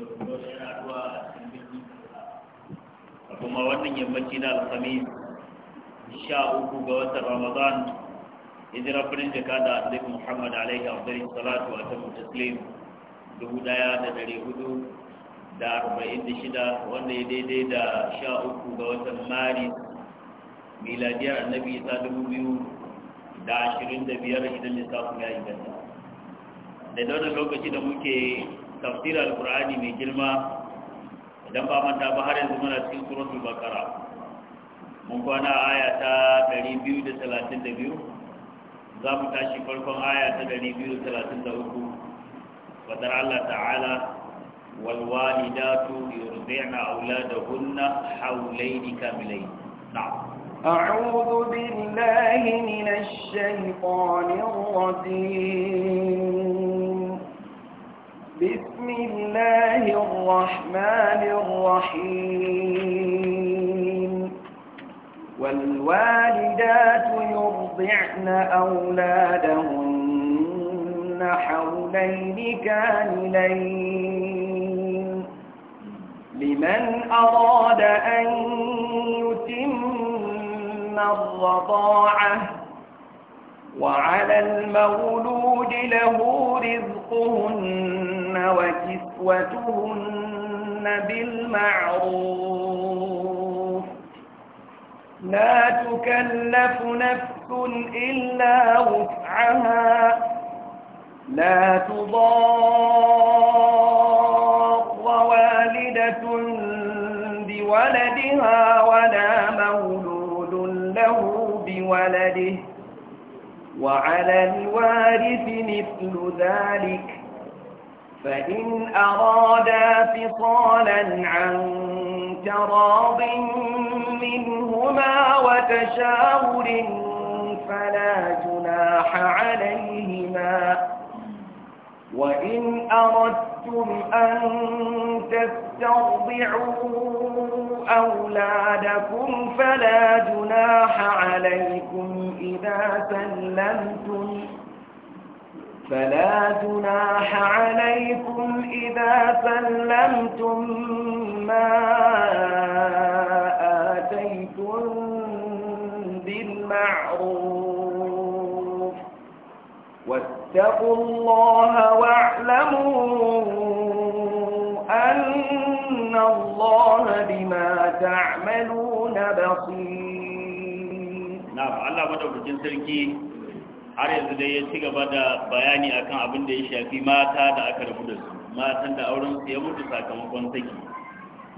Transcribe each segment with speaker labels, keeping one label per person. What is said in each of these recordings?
Speaker 1: gwargwado yana zuwa a cikin biki
Speaker 2: a kuma wannan yammaci na alhamis sha uku ga watan ramadan hijira firin da kada annabi muhammad alaihi abdullahi salatu wa tamu taslim dubu daya da dari hudu da arba'in da shida wanda ya daidai da sha uku ga watan maris miladiyar annabi ta dubu biyu da ashirin da biyar idan lissafin ya yi inganta da daunar lokaci da muke tafsir alqur'ani mai girma idan ba manta ba har yanzu muna cikin suratul baqara mun kwana aya ta 232 za mu tashi farkon aya ta 233 fadar Allah ta'ala wal walidatu yurdi'na auladahunna hawlayn kamilayn na'am
Speaker 3: أعوذ بالله من الشيطان الرجيم بسم الله الرحمن الرحيم والوالدات يرضعن أولادهن حولين كاملين لمن أراد أن يتم الرضاعه وعلى المولود له رزقهن وكسوتهن بالمعروف لا تكلف نفس إلا وفعها لا تضار والدة بولدها ولا مولود له بولده وعلى الوارث مثل ذلك فإن أرادا فصالا عن تراض منهما وتشاور فلا جناح عليهما وإن أردتم أن تسترضعوا أولادكم فلا جناح عليكم إذا سلمتم
Speaker 1: فلا
Speaker 3: جناح عليكم إذا سلمتم ما آتيتم بالمعروف واتقوا الله واعلموا أن الله بما تعملون بصير
Speaker 2: نعم الله madaukakin sarki har yanzu dai ya ci gaba da bayani akan abin da ya shafi mata da aka rabu da su matan da auren su ya mutu sakamakon saki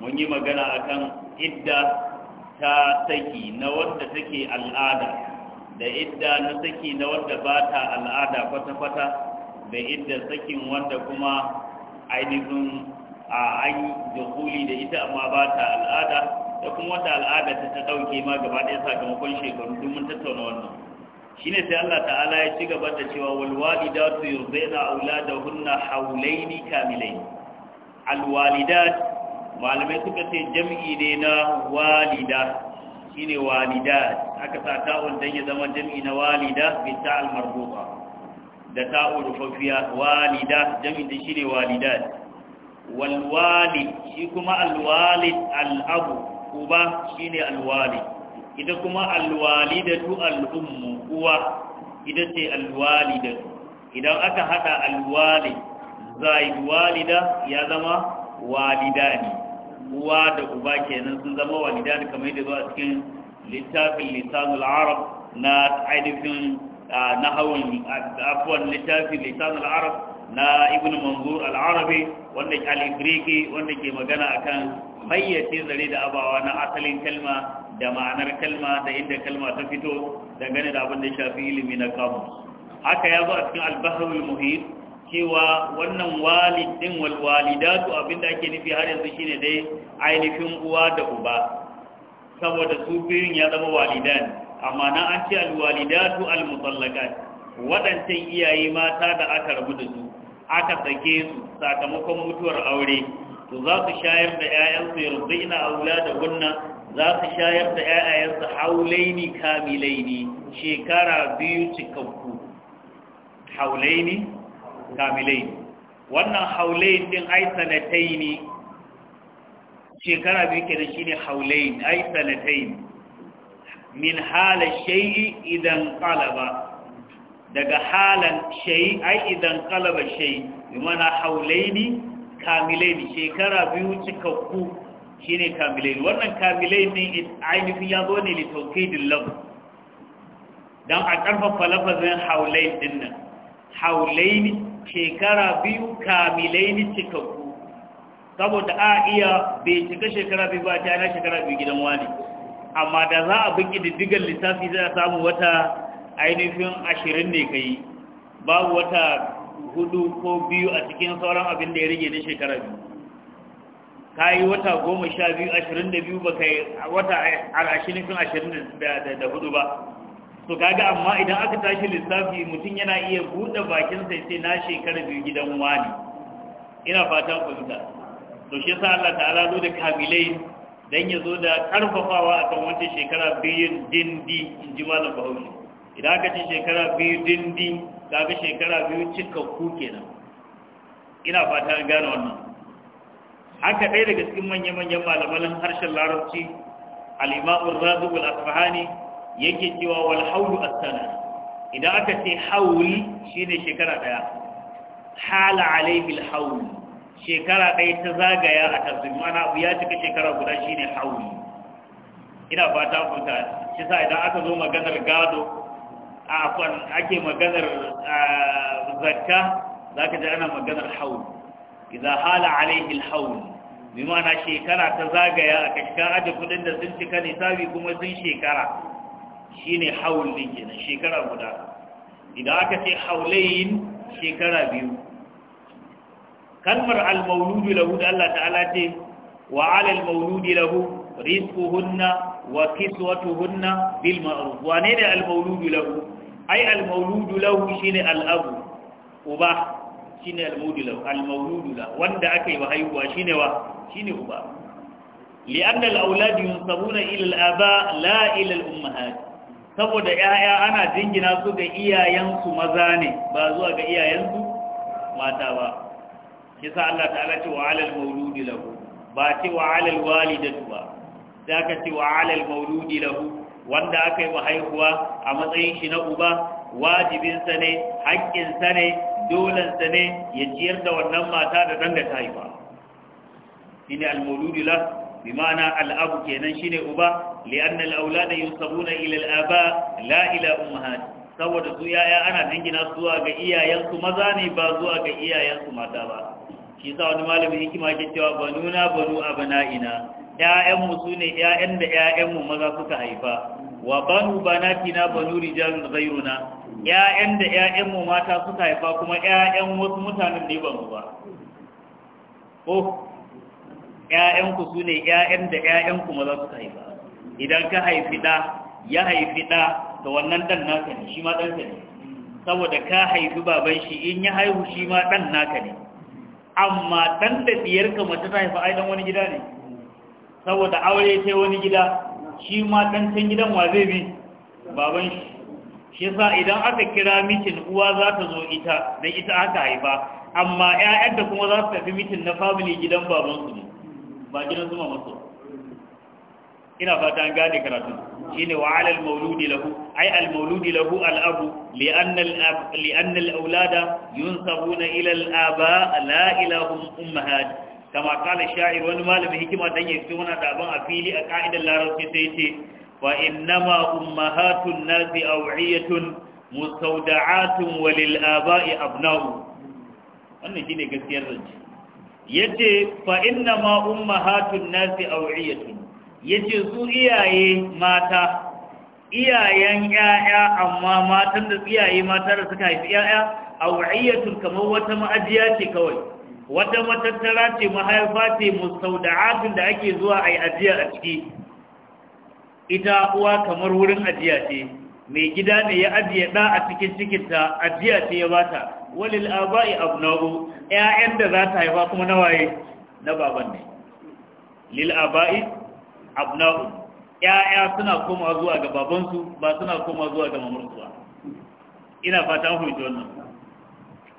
Speaker 2: mun yi magana akan idda ta saki na wanda take al'ada da idda na saki na wanda ba ta al'ada kwata-kwata da idda sakin wanda kuma ainihin a an dukuli da ita amma ba ta al'ada da kuma wata al'ada ta ta ɗauke ma gaba ɗaya sakamakon shekaru duk mun tattauna wannan shine sai Allah ta'ala ya ci gaba da cewa wal walidatu yurdaina auladahunna hawlaini kamilain al walidat malamai suka ce jam'i ne na walida shine walidat aka sa ta'un dan ya zama jam'i na walida bi ta'al marbuta da ta'u rufaffiya walida jam'i shi shine walidat walwalid shi kuma alwalid al'abu uba shi ne alwalid ita kuma alwalidatu al'ummu uwa ita ce alwalidatu idan aka hada alwalid zaid walida ya zama walida ne. uwa da uba kenan sun zama walida ne kamar yadda zuwa cikin littafin Lissanul arab na ainihin nahawun afwan littafin Lissanul arab na ibn manzur al-arabi wanda ke al wanda ke magana akan fayyace zare da abawa na asalin kalma da ma'anar kalma da inda kalma ta fito dangane da abin da shafi ilimi na kamu. haka ya zo a cikin al-bahrul cewa wannan walidin wal walidatu abinda ake nufi har yanzu shine dai ainihin uwa da uba saboda su biyun ya zama walidan amma na an ce alwalidatu walidatu waɗancan iyaye mata da aka rabu da su aka sake su sakamakon mutuwar aure to za su shayar da 'ya'yansu da auladuhunna za su shayar da 'ya'yansu haulaini kamilaini shekara biyu cikakku haulaini kamilaini wannan haulain din ai sanataini shekara biyu kenan shine haulain ai sanataini min hala shay'i idan qalaba daga halan shayi ai idan kalaba shayi bi mana haulaini kamilaini shekara biyu cikakku shine kamilaini wannan kamilaini ainihin ya zo ne litaukidin lam don a ƙarfafa lafazin haulain din nan haulaini shekara biyu kamilaini cikakku saboda a iya bai cika shekara biyu ba ta yana shekara biyu gidan wani amma da za a bi ƙididdigar lissafi zai samu wata ainihin ashirin ne ka yi babu wata hudu ko biyu a cikin sauran abin da ya rage na shekara biyu ka yi wata goma sha biyu ashirin da biyu ba ka yi wata al'ashinifin ashirin da hudu ba so kaga amma idan aka tashi lissafi mutum yana iya buɗe bakinsa sai na shekara biyu gidan wani ina fatan fahimta to shi yasa Allah ta'ala zo da kamilai dan ya zo da karfafawa akan wancan shekara biyun din in ji malam Bahaushe idan aka ce shekara biyu dindi kaga shekara biyu cikakku kenan ina fata gane wannan haka ɗaya daga cikin manya-manyan malamalin harshen larabci al'imamun razubul asfahani yake cewa wal haulu asana idan aka ce hauli shine shekara ɗaya hala alaihil hauli shekara ɗaya ta zagaya a tasiri mana abu ya cika shekara guda shine hauli ina fata kuta shi sa idan aka zo maganar gado afon ake maganar ah, zakka za ka ji ana maganar haul iza hala alaihi haul bi shekara ta zagaya a kashka aje kudin da sun cika nisabi kuma sun shekara shine haul din kenan shekara guda idan aka ce haulayin shekara biyu kalmar al-mauludu lahu da Allah ta'ala ce wa 'alal mauludi lahu rizquhunna wa kiswatuhunna bil ma'ruf wa ne da al-mauludu lahu ai al-mauludu lahu shine al-abu uba shine al-mauludu lahu al-mauludu la wanda aka yi wa haihuwa shine wa shine uba li'anna al-aulad yunsabuna ila al-aba la ila al saboda yaya ana jingina su ga iyayensu maza ne ba zuwa ga iyayensu mata ba yasa Allah ta'ala ce wa alal mauludi lahu ba ce wa alal walidatu ba da ka ce wa alal mauludi lahu wanda aka yi wa haihuwa a matsayin shi na uba wajibinsa ne haƙƙinsa ne dolensa ne ya ciyar da wannan mata da ɗan da ta haifa shi ne almoludi la bi ma'ana al'abu kenan shi ne uba li'an al'aula da yin sabuna ilal aba la saboda su yaya ana dangina zuwa ga iyayensu maza ne ba zuwa ga iyayensu mata ba shi sa wani malamin hikima ke cewa banuna banu ina. Ya'yanmu su ne 'ya'yan da 'ya'yanmu maza suka haifa wa banu banatina banu rijalun ghayruna ƴaƴan da ƴaƴan mu mata suka haifa kuma 'ya'yan wasu mutanen ne banu ba ko ƴaƴan ku sune 'ya'yan da ƴaƴan ku maza suka haifa idan ka haifi da ya haifi da to wannan dan naka ne shi ma dan ka ne saboda ka haifi baban shi in ya haihu shi ma dan naka ne amma dan da ka mace ta haifa ai dan wani gida ne saboda aure sai wani gida shi ma ɗan can gidan wa zai bi baban shi shi sa idan aka kira mitin uwa za ta zo ita da ita aka haifa amma 'ya'yan da kuma za su tafi mitin na famili gidan babansu ne ba gidan su mamansu ina fata gane karatun shine wa alal mauludi lahu Ai al mauludi lahu al abu li anna al ab li anna al aulada yunsabuna ila al aba la ila kama kala sha'ir wani malamin hikima dan ya fito mana da abin a fili a ka'idar larabci sai ce fa innama ummahatun nasi awiyatun mustawda'atun walil aba'i abna'u wannan shine gaskiyar zance yace fa innama ummahatun nasi awiyatun yace su iyaye mata iyayen yaya amma matan da iyaye mata da suka haifi yaya awiyatun kamar wata ma'ajiya ce kawai wata matattara ce mahaifa ce mustaudaatun da ake zuwa a yi ajiya a ciki ita uwa kamar wurin ajiya ce mai gida ne ya ajiye ɗa a cikin cikinta ajiya ce ya bata walil aba'i abnahu ƴaƴan da za ta haifa kuma na waye na baban ne lil aba'i abnahu ƴaƴa suna koma zuwa ga babansu ba suna koma zuwa ga mamansu ba ina fata hujjo wannan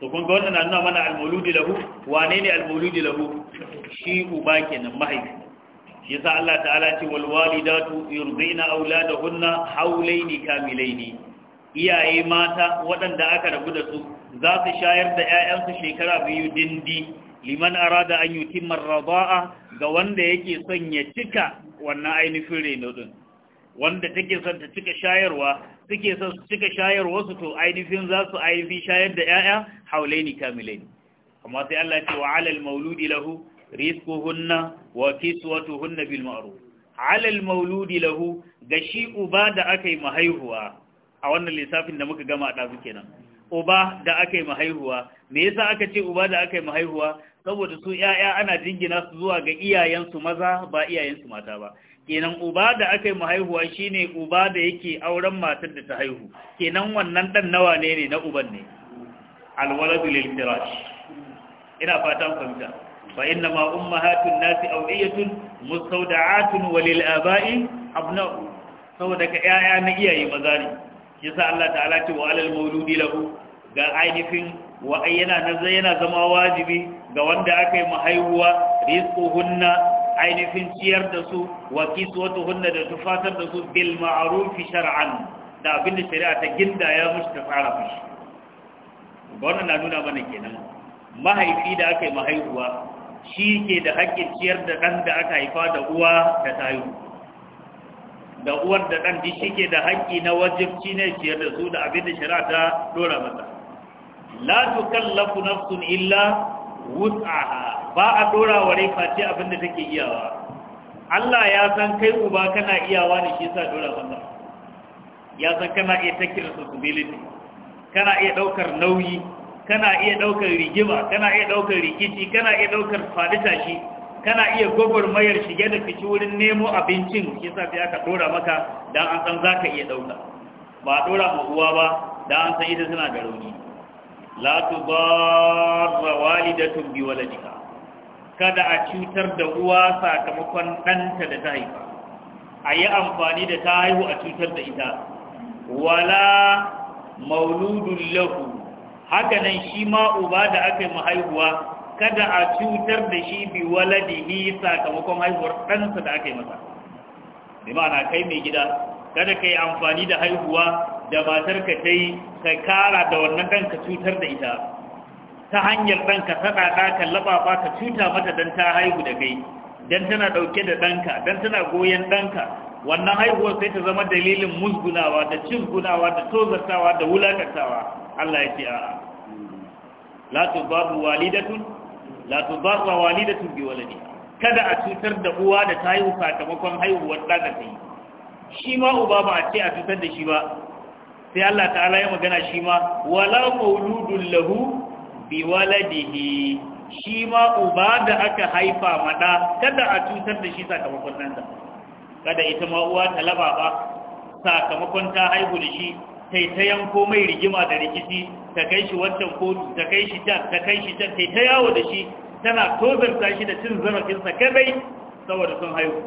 Speaker 2: to kun ga wannan na nuna mana al-mauludi lahu wane ne al-mauludi lahu shi uba kenan mahaifi yasa Allah ta'ala ce wal walidatu yurdina auladahunna hawlaini kamilaini iyaye mata waɗanda aka rabu da su za su shayar da 'ya'yansu shekara biyu dindi liman arada an yutimma radaa ga wanda yake son ya cika wannan ainihin reno din wanda take son ta cika shayarwa suke son su cika wasu to ainihin za su ainihin shayar da 'ya'ya haulai kamilai ne amma sai Allah ce wa alal mauludi lahu hunna wa hunna bil ma'aru. alal mauludi lahu ga shi uba da aka yi mahaihuwa a wannan lissafin da muka gama a kenan uba da aka yi mahaihuwa me yasa aka ce uba da aka yi mahaihuwa saboda su 'ya'ya ana jingina su zuwa ga iyayensu maza ba iyayensu mata ba kenan uba da aka yi haihuwa shine uba da yake auren matar da ta haihu kenan wannan dan nawa ne ne na uban ne alwaladu lil ina fatan fahimta fa inna ma ummahatun nasi awiyatun mustawda'atun walil aba'i abna saboda ka yaya na iyaye maza ne yasa Allah ta'ala ce wa alal mauludi lahu ga ainihin wa ayyana yana zama wajibi ga wanda aka yi mahaihuwa rizquhunna ainihin ciyar da su wa hunna da tufatar da su bil ma'arufi shar'an da abin da shari'a ta ginda ya mushi ta tsara mushi wannan na nuna mana kenan mahaifi da aka yi mahaihuwa shi ke da haƙƙin ciyar da ɗan da aka haifa da uwa da tayo da uwar da ɗan shi ke da haƙƙi na wajibci ne ciyar da su da abin da shari'a ta dora masa la tukallafu nafsun illa wus'aha ba a dora wa rai face abin da take iyawa Allah ya san kai uba kana iyawa ne shi sa dora wannan ya san kana iya take responsibility kana iya daukar nauyi kana iya daukar rigima kana iya daukar rikici kana iya daukar fadita shi kana iya gwagwarmayar shige da fici wurin nemo abincin shi sa sai aka dora maka dan an san zaka iya dauka ba dora ma uwa ba dan an san ita suna da rauni la tudarra walidatun bi waladika kada a cutar da uwa sakamakon ɗanta da ta haifa a yi amfani da ta haihu a cutar da ita wala mauludun lahu hakanan shi ma uba da aka yi mahaihuwa kada a cutar da shi bi waladihi sakamakon haihuwar ɗansa da aka yi masa bi kai mai gida kada ka yi amfani da haihuwa da matar ka ta yi ka kara da wannan ɗan ka cutar da ita ta hanyar ɗanka ta ɗaɗa ka laɓaɓa ka cuta mata don ta haihu da kai don tana ɗauke da ɗanka don tana goyon ɗanka wannan haihuwar sai ta zama dalilin musgunawa da cizgunawa da tozartawa da wulakantawa Allah ya ce a'a la babu walidatun la tubaru walidatun bi waladi kada a cutar da uwa da ta haihu sakamakon haihuwar ɗa ta yi shi ma uba ba a ce a cutar da shi ba sai Allah ta'ala ya magana shi ma wala mauludun lahu bi waladihi shi ma uba da aka haifa mada kada a cutar da shi sakamakon ɗansa kada ita ma uwa ta laba ba sakamakon ta haihu da shi kai ta yanko mai rigima da rikici ta kai shi wancan kotu ta kai shi can ta kai shi can kai ta yawo da shi tana tozarta shi da cin zarafinsa kadai saboda sun haihu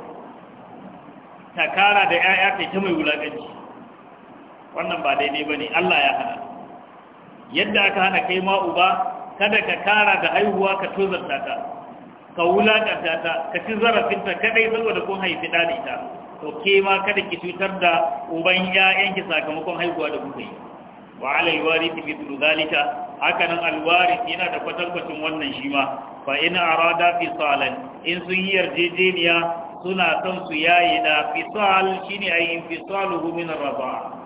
Speaker 2: ta kara da 'ya'ya kai ta mai wulaƙanci wannan ba daidai ba ne allah ya hana yadda aka hana kai ma uba kada ka kara da haihuwa ka tozarta ta ka wulakanta ta ka ci zarafinta kadai saboda kun haifi da ita to ke ma kada ki cutar da uban 'ya'yanki sakamakon haihuwa da kuka yi wa alal warisi mithlu zalika haka nan al yana da kwatankwacin wannan shi ma fa in arada salan in sun yi yarjejeniya suna son su yaye da fisal shine ay infisaluhu min raba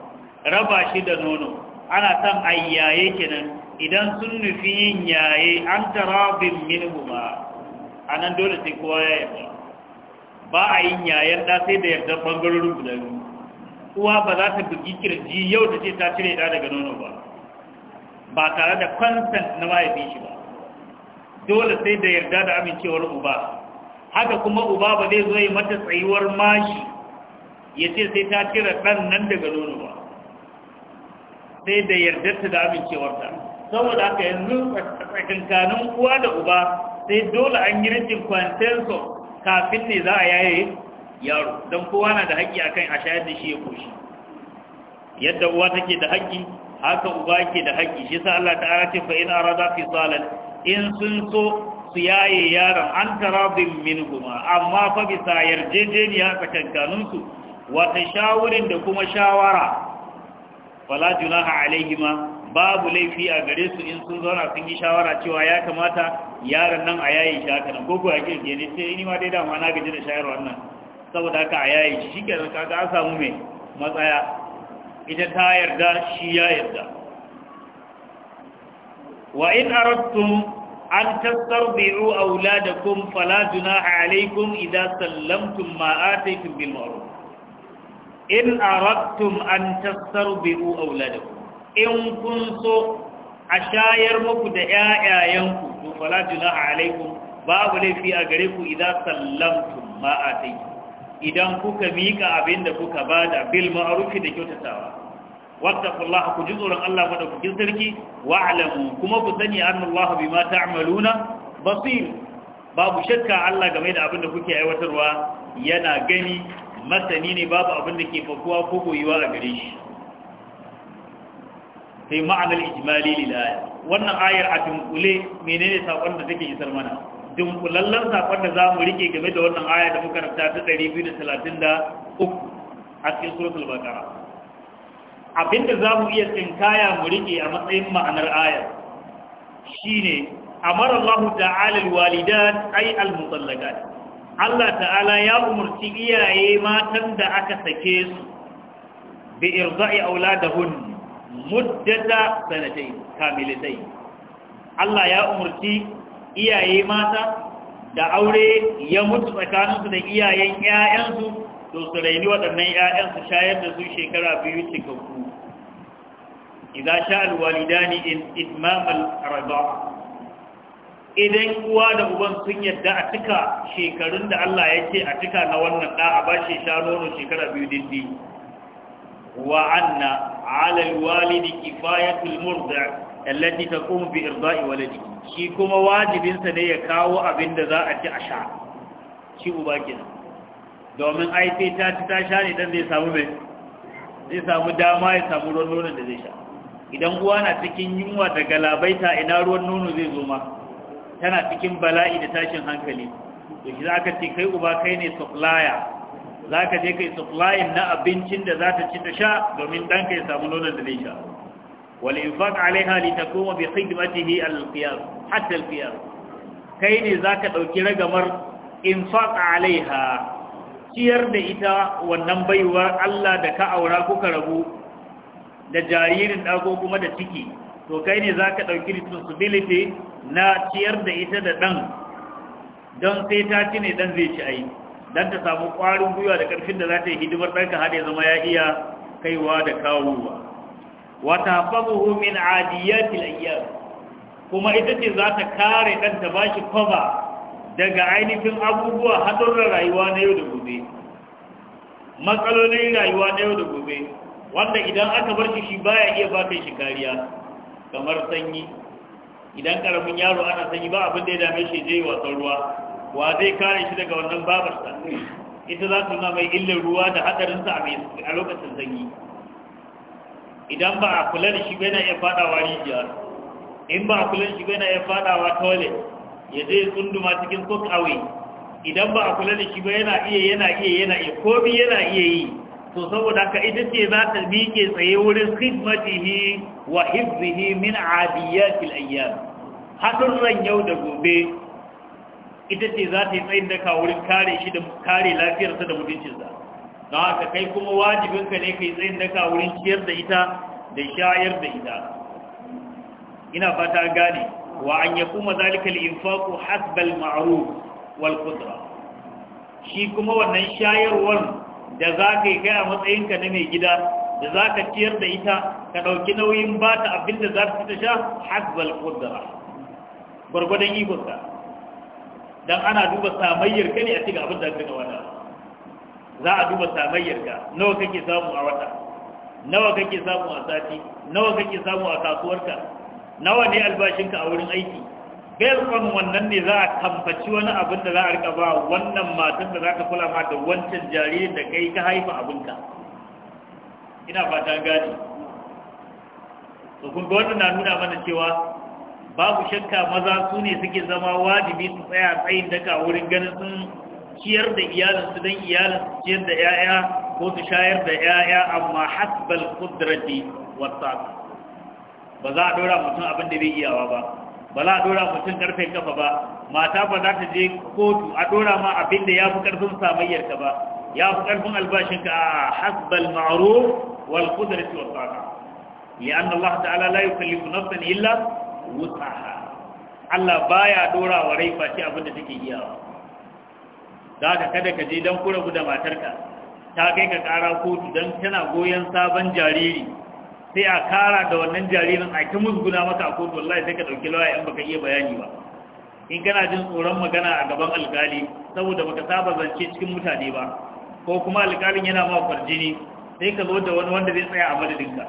Speaker 2: raba shi da nono ana son ayyaye kenan idan sun nufi yin yaye an tarabin minhuma a nan dole sai kowa ya yarda ba a yin yayen da sai da yarda bangarorin guda biyu uwa ba za ta bugi kirji yau da ce ta cire da daga nono ba ba tare da consent na mahaifin shi ba dole sai da yarda da amincewar uba haka kuma uba ba zai zo yi mata tsayuwar mashi ya ce sai ta cire ɗan nan daga nono ba sai da yardarta da amincewarta saboda haka yanzu tsakankanin kuwa da uba sai dole an yi rikin consensus kafin ne za a yaye yaro don kowa na da haƙƙi akan a shayar da shi ya koshi yadda uwa take da haƙƙi haka uba ke da haƙƙi shi sa Allah ta'ala ce fa in arada fi salat in sun so su yaye yaron an tarabin guma. amma fa bisa yarjejeniya tsakankanin su wata shawurin da kuma shawara fala junaha alaihima babu laifi a gare su in sun zauna sun yi shawara cewa ya kamata yaron nan a yayin shi haka nan koko ya kirge ne sai ni ma dai dama na gaji da shayarwa nan saboda haka a yayin shi shi kenan kaga an samu mai matsaya ita ta yarda shi ya yarda wa in aradtum an tastarbi'u auladakum fala junaha alaykum idza sallamtum ma ataytum bil ma'ruf in aradtum an tastarbi'u auladakum in kun so a shayar muku da ‘ya'yayenku to juna a alaikum babu laifi a gare ku idan sallamtum ma idan kuka mika abin da kuka bada bil ma'rufi da kyautatawa wattaqullaha ku ji tsoron Allah madaukakin sarki wa'lamu kuma ku sani annallahu bima ta'maluna basir babu shakka Allah game da abin da kuke aiwatarwa yana gani masani ne babu abin da ke fakuwa ko koyuwa a gare shi sai ma'anar ijmali lil aya wannan ayar a dunkule menene saƙon da take isar mana dunkulallen saƙon da za mu rike game da wannan aya da muka rafta ta 233 a cikin suratul baqara abinda za mu iya tsinkaya mu rike a matsayin ma'anar ayar shi ne. amara Allah ta'ala alwalidat ai almutallaqat Allah ta'ala ya umarci iyaye matan da aka sake su bi irda'i auladahunna muddata sanatai kamilitai Allah ya umarci iyaye mata da aure ya mutu tsakaninsu da iyayen 'ya'yansu to su raini waɗannan 'ya'yansu shayar da su shekara biyu cikakku idan sha alwalidani in itmamal rada idan uwa da uban sun yadda a cika shekarun da Allah ya ce a cika na wannan ɗa a bashi sha nono shekara biyu dindi Wa walidi وأن على الوالد كفاية المرضع التي تقوم بإرضاء ولده شيكما واجب سنية a أبن ذا أشعر شيء باكنا domin ai sai ta ci ta sha dan zai samu mai zai samu dama ya samu ruwan da zai sha idan uwa na cikin yunwa da galabaita ina ruwan nono zai zo ma tana cikin bala'i da tashin hankali to shi za ka ce kai uba kai ne supplier za ka je kai supplying na abincin da za ta ci ta sha domin ka ya samu nonon da zai sha wal'infaq alaiha li ta bi khidmatihi al-qiyas hatta al-qiyas kai ne za ka ɗauki ragamar infaq alaiha ciyar da ita wannan baiwar Allah da ka aura kuka rabu da jaririn ɗago kuma da ciki to kai ne za ka ɗauki responsibility na ciyar da ita da ɗan don sai ta ci ne ɗan zai ci aiki dan ta samu ƙwarin gwiwa da ƙarfin da za ta yi hidimar ɗanka haɗe zama ya iya kaiwa da kawowa wata hafazuhu min adiyatil ayyam kuma ita ce za ta kare ɗan ta ba shi kwaba daga ainihin abubuwa haɗurran rayuwa na yau da gobe matsalolin rayuwa na yau da gobe wanda idan aka bar shi shi baya iya ba kai shi kariya kamar sanyi idan ƙaramin yaro ana sanyi ba abin da ya dame shi je wasan ruwa wa zai kare shi daga wannan babarsa ita za ta nuna mai illar ruwa da hadarinsa a lokacin zanyi idan ba a kula da shi bai na iya fadawa rijiya in ba a kula da shi bai na iya fadawa toilet ya zai tsunduma cikin cook away idan ba a kula da shi ba yana iya yana iya yana iya ko bi yana iya yi to saboda ka ita ce za ta miƙe tsaye wurin khidmatihi wa hifzihi min adiyatil ayyam hadurran yau da gobe ita ce za ta yi tsayin daka wurin kare shi da kare lafiyarsa da mutuncinsa don haka kai kuma wajibinka ne ka yi tsayin daka wurin ciyar da ita da shayar da ita ina fata gane wa an ya kuma zalika hasbal ma'ruf wal qudra shi kuma wannan shayarwar da ka yi kai a matsayinka na mai gida da za ka ciyar da ita ka ɗauki nauyin ba ta abin da za ta sha hasbal qudra gurgudan ikonka dan ana duba samayyar ka ne a cikin abin da ka ga wata za a duba samayyar ka nawa kake samu a wata nawa kake samu a sati nawa kake samu a kasuwarka nawa ne albashinka a wurin aiki bayan wannan ne za a kamfaci wani abin da za a rika ba wannan matan da za ka kula ma da wancan jaririn da kai ka haifa abinka ina fata gani to kun ga wannan na nuna mana cewa babu shakka maza su ne suke zama wajibi su tsaya tsayin daka wurin ganin sun ciyar da iyalinsu don iyalinsu ciyar da 'ya'ya ko su shayar da 'ya'ya amma hasbal kudrati wasa ba za a dora mutum abin da bai iyawa ba ba za a dora mutum karfe kafa ba mata ba za ta je kotu a dora ma abin da ya fi karfin samayyarka ba ya fi karfin albashinka a hasbal ma'ruf wal wata. wasa li'anna Allah ta'ala la yukallifu nafsan illa wuta Allah baya dora wa rai face abinda da take iyawa za ka kada ka je don kurabu da matarka ta kai ka kara kotu don tana goyon sabon jariri sai a kara da wannan jaririn a ki guda maka a kotu wallahi sai ka ɗauki lawa in baka iya bayani ba in kana jin tsoron magana a gaban alkali saboda baka saba zance cikin mutane ba ko kuma alkalin yana ma jini, sai ka zo da wani wanda zai tsaya a madadinka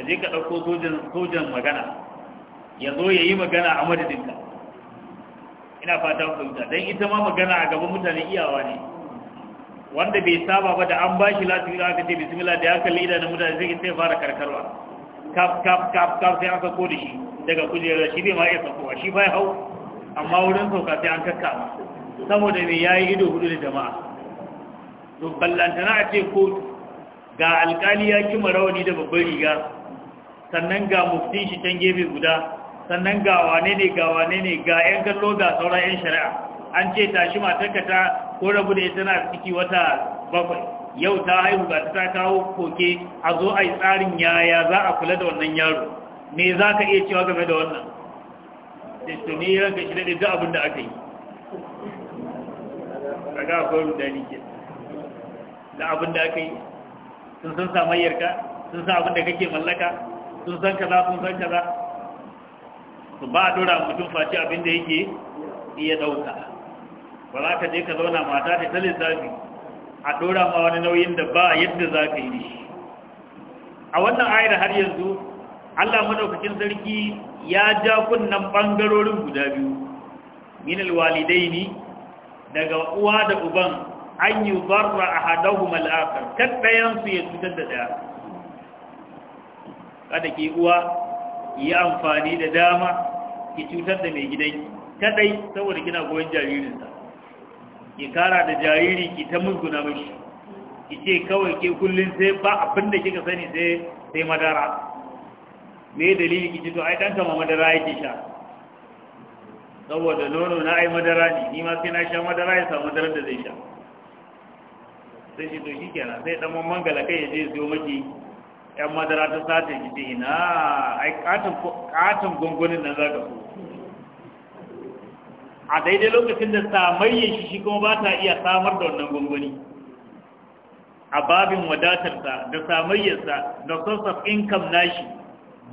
Speaker 2: ka je ka ɗauko sojan magana ya zo ya yi magana a madadinka ina fatan fahimta don ita ma magana a gaban mutane iyawa ne wanda bai saba ba da an ba shi lati da aka ce bismillah da ya kalli idanun mutane sai sai fara karkarwa kaf kaf kaf kaf sai aka ko da shi daga kujerar shi bai ma iya saukowa shi bai hau amma wurin sauka sai an kakka. saboda mai yayi ido hudu da jama'a to ballantana a ce ko ga alkali ya kima rawani da babbar riga sannan ga muftin shi can gefe guda sannan ga wane ne ga wane ne ga 'yan kallo ga sauran 'yan shari'a an ce tashi matarka ta ko rabu da tana ciki wata bakwai yau ta haihu ga ta kawo koke a zo a yi tsarin yaya za a kula da wannan yaro me za ka iya cewa game da wannan to ne ka shi da duk abin da aka yi daga akwai rudani ke da abin da aka yi sun san samayyarka sun san abin da kake mallaka sun san kaza sun san kaza su ba a dora mutum faci abinda yake iya ɗauka ba za ka je ka zauna mata ta lissafi a dora ma wani nauyin da ba yadda za ka yi a wannan ayar har yanzu allah madaukakin sarki ya ja kunnan ɓangarorin guda biyu minal walidai ne daga uwa da uban an yi barra a hadahu mal'akar kan ɗayansu ya cutar da ɗaya kada ke uwa yi amfani da dama ki cutar da mai gidan kadai saboda kina goyon jaririnsa ki kara da jariri ki ta musguna mashi ki ce kawai ke kullum sai ba abin da kika sani sai sai madara me dalili ki ce to ai dan kama madara yake sha saboda nono na ai madara ne ni ma sai na sha madara ya samu madara da zai sha sai shi to shi kenan sai dan mangala kai ya je siyo maki yan madara ta sata gidi ina ai katon gungunin nan za ka so a daidai lokacin da samayya shi shi kuma ba ta iya samar da wannan gunguni a babin wadatarsa da samayyarsa da source of income nashi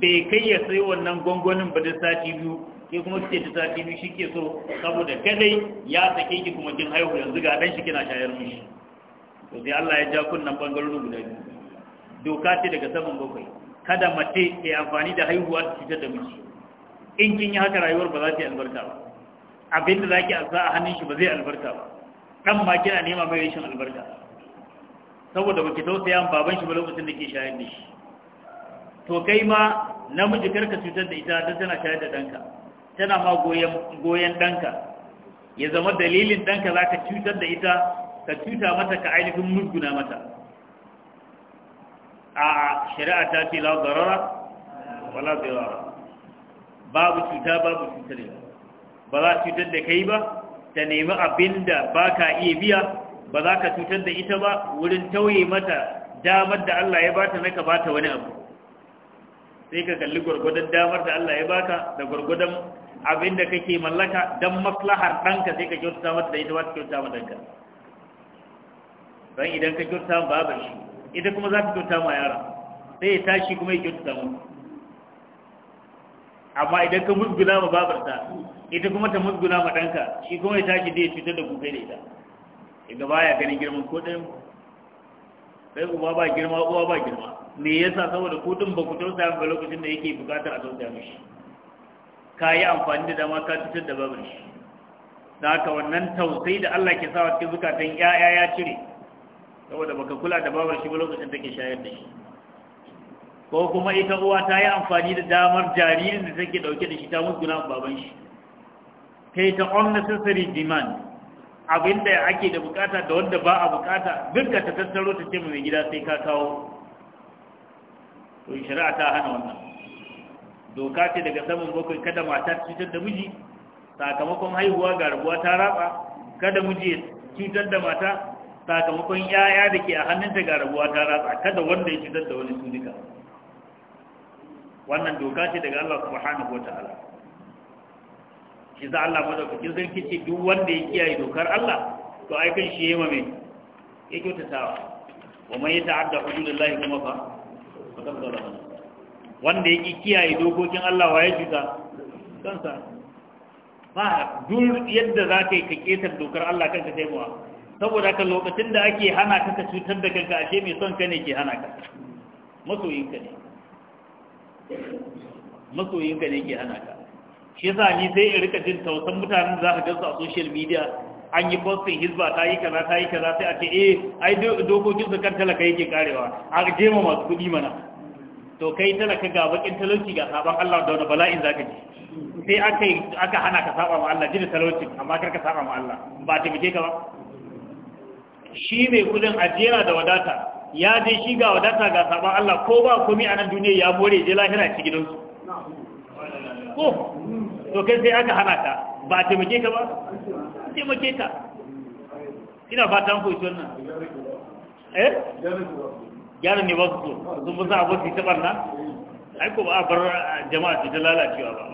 Speaker 2: bai kai ya sai wannan gungunin ba da sati biyu ke kuma suke ta sati biyu shi ke so saboda kadai ya sake ki kuma jin haihu yanzu ga ɗan shi kina shayar mishi to sai Allah ya ja kunnan bangarorin guda biyu doka ce daga saman bakwai kada mace ke amfani da haihuwa da cutar da miji in kin yi haka rayuwar ba za ta yi albarka ba abinda za ki alsa a hannun shi ba zai albarka ba Dan ma kina nema mai rashin albarka saboda ba ki tausaya baban shi ba lokacin da ke shayar da shi to kai ma namiji karka cutar da ita don tana shayar da danka, tana ma goyon danka, ya zama dalilin danka za ka cutar da ita ka cuta mata ka ainihin musguna mata a shari'a ta ce la darara wala zarara babu cuta babu cuta ne ba za cutar da kai ba ta nemi abin da ba ka iya biya ba za ka cutar da ita ba wurin tauye mata damar da Allah ya bata ka bata wani abu sai ka kalli gwargwadon damar da Allah ya baka da gwargwadon abin da kake mallaka don maslahar ɗanka sai ka kyauta mata da ita ba ta kyauta mata ɗanka don idan ka kyauta babar shi ita kuma za ta kyauta ma yara sai ya tashi kuma ya kyauta mu amma idan ka musguna ma babarta ita kuma ta musguna ma ɗanka shi kuma ya tashi da ya cutar da kuka da ita daga baya ganin girman ko ɗayan sai uba ba girma uwa ba girma me yasa saboda kudin ba ku tausa ba lokacin da yake bukatar a tausa mishi ka yi amfani da dama ka cutar da babar shi da haka wannan tausayi da Allah ke sawa cikin zukatan ƴaƴa ya cire saboda baka kula da babar shi ba lokacin take shayar da shi ko kuma ita uwa ta yi amfani da damar jaririn da take dauke da shi ta na baban shi ta yi ta unnecessary demand abinda ake da bukata da wanda ba a bukata duka ta tattaro ta ce mai gida sai ka kawo to shari'a ta hana wannan doka ce daga saman bakwai kada mata cutar da miji sakamakon haihuwa ga rabuwa ta raba kada miji cutar da mata sakamakon yaya da ke a hannunta ga rabuwa ta ratsa kada wanda ya cutar da wani sunika wannan doka ce daga Allah subhanahu wa ta'ala shi za Allah madaukakin sarki ce duk wanda ya kiyaye dokar Allah to ai kan shi yema me ya ta, wa man yata'adda lahi kuma fa wanda ya kiyaye dokokin Allah wa ya cuta kansa ba duk yadda za ka yi ka ketar dokar Allah kanka sai mu'a saboda ka lokacin da ake hana ka ka cutar da kanka ashe mai son ka ne ke hana ka masoyinka ne masoyinka ne ke hana ka shi yasa ni sai in rika jin tausan mutanen za ka gansu a social media an yi postin hizba ta yi kaza ta yi kaza sai a ce eh ai dokokin su kan talaka yake karewa a ga jema masu kuɗi mana to kai talaka ga bakin talauci ga sabon Allah da wani bala'in zaka ji sai aka hana ka saba ma Allah jin talauci amma kar ka saba ma Allah ba ta bike ka ba shi mai kudin ajiyana da wadata ya je shi ga wadata ga sabon Allah ko ba komi a nan duniya ya more je lahira ci gidansu
Speaker 1: ko to kai sai aka hana ta ba taimake ka ba
Speaker 2: taimake ta ina fata an koyi wannan eh yaran ne ba su so sun fi sa abokin ta barna ai ko ba a bar ah, jama'a su ta lalacewa ba